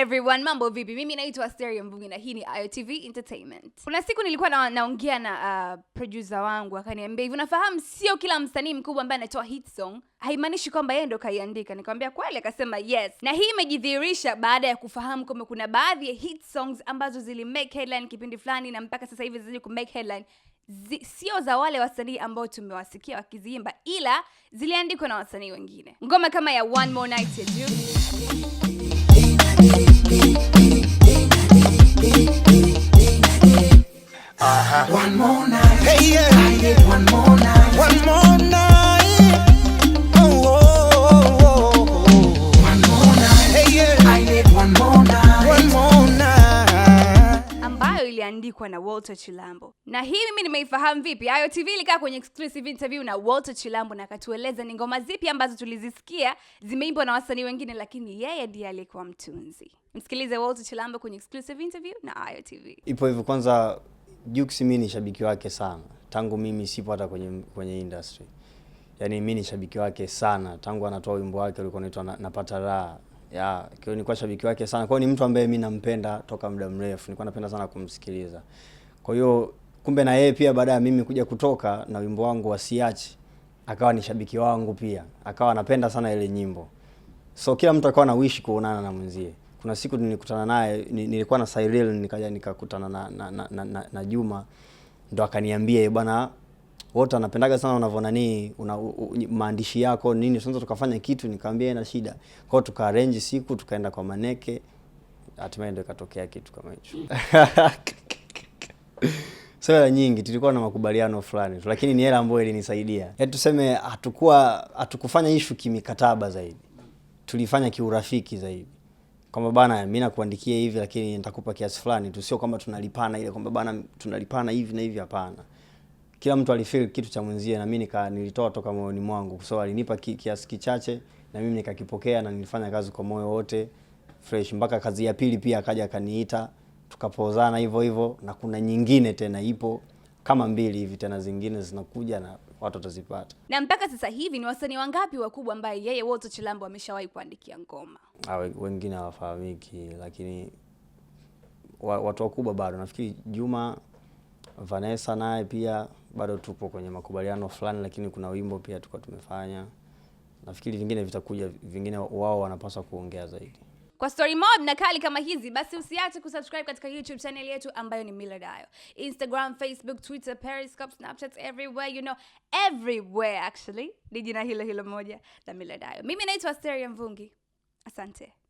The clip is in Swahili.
everyone, mambo vipi? Mimi naitwa Asteria Mvungi na hii ni IOTV Entertainment. Kuna siku nilikuwa na, naongea na uh, producer wangu akaniambia hivi, unafahamu sio kila msanii mkubwa ambaye anatoa hit song haimaanishi kwamba yeye ndo kaiandika. Nikamwambia kweli? Akasema yes, na hii imejidhihirisha baada ya kufahamu kwamba kuna baadhi ya hit songs ambazo zili make headline kipindi fulani na mpaka sasa hivi ku make headline sio za wale wasanii ambao tumewasikia wakiziimba, ila ziliandikwa na wasanii wengine. Ngoma kama ya One More Night ya Juu Oh, oh, oh, ambayo iliandikwa na Walter Chilambo. Na hii mimi nimeifahamu vipi? Ayo TV ilikaa kwenye exclusive interview na Walter Chilambo na akatueleza ni ngoma zipi ambazo tulizisikia zimeimbwa na wasanii wengine, lakini yeye ndiye aliyekuwa mtunzi. Msikilize Walter Chilambo kwenye exclusive interview na Ayo TV. Ipo hivyo kwanza Jux mimi ni shabiki wake sana tangu mimi sipo hata kwenye, kwenye industry. Yaani mimi ni shabiki wake sana tangu anatoa wimbo wake ulikuwa unaitwa na, napata raha. Ya, kwa ni kwa shabiki wake sana. Kwa hiyo ni mtu ambaye mimi nampenda toka muda mrefu. Nilikuwa napenda sana kumsikiliza. Kwa hiyo kumbe na yeye pia baada ya mimi kuja kutoka na wimbo wangu wa Siachi akawa ni shabiki wangu pia. Akawa anapenda sana ile nyimbo. So kila mtu akawa na wish kuonana na mwenzie kuna siku nilikutana naye, nilikuwa na Cyril nikaja nikakutana na, na, na, na, na na Juma ndo akaniambia bwana wote anapendaga sana unavyo nini una, maandishi yako nini, tunaweza tukafanya kitu. Nikamwambia ina shida kwao, tukaarrange siku tukaenda kwa Maneke, hatimaye ndio ikatokea kitu kama hicho. So hela nyingi tulikuwa na makubaliano fulani tu, lakini ni hela ambayo ilinisaidia. Yaani tuseme hatukuwa hatukufanya issue kimikataba zaidi, tulifanya kiurafiki zaidi kwamba bana, mimi nakuandikia hivi lakini nitakupa kiasi fulani tu, sio kwamba tunalipana ile kwamba bana tunalipana hivi na hivi, hapana. Kila mtu alifeel kitu cha mwenzie, na mimi nilitoa toka moyoni mwangu, kwa sababu alinipa kiasi kichache na mimi nikakipokea, na nilifanya kazi kwa moyo wote fresh, mpaka kazi ya pili pia akaja akaniita tukapozana hivyo hivyo, na kuna nyingine tena ipo kama mbili hivi tena zingine zinakuja na watu watazipata. Na mpaka sasa hivi ni wasanii wangapi wakubwa ambaye yeye wote Chilambo ameshawahi kuandikia ngoma? Ha, ah, wengine hawafahamiki, lakini watu wakubwa bado nafikiri Juma Vanessa naye pia bado tupo kwenye makubaliano fulani, lakini kuna wimbo pia tulikuwa tumefanya. Nafikiri vingine vitakuja, vingine wao wanapaswa kuongea zaidi. Kwa story mob na kali kama hizi, basi usiache kusubscribe katika YouTube channel yetu ambayo ni Millard Ayo. Instagram, Facebook, Twitter, Periscope, Snapchat, everywhere you know, everywhere actually. Ni jina hilo hilo moja la Millard Ayo. Mimi naitwa Asteria Mvungi. Asante.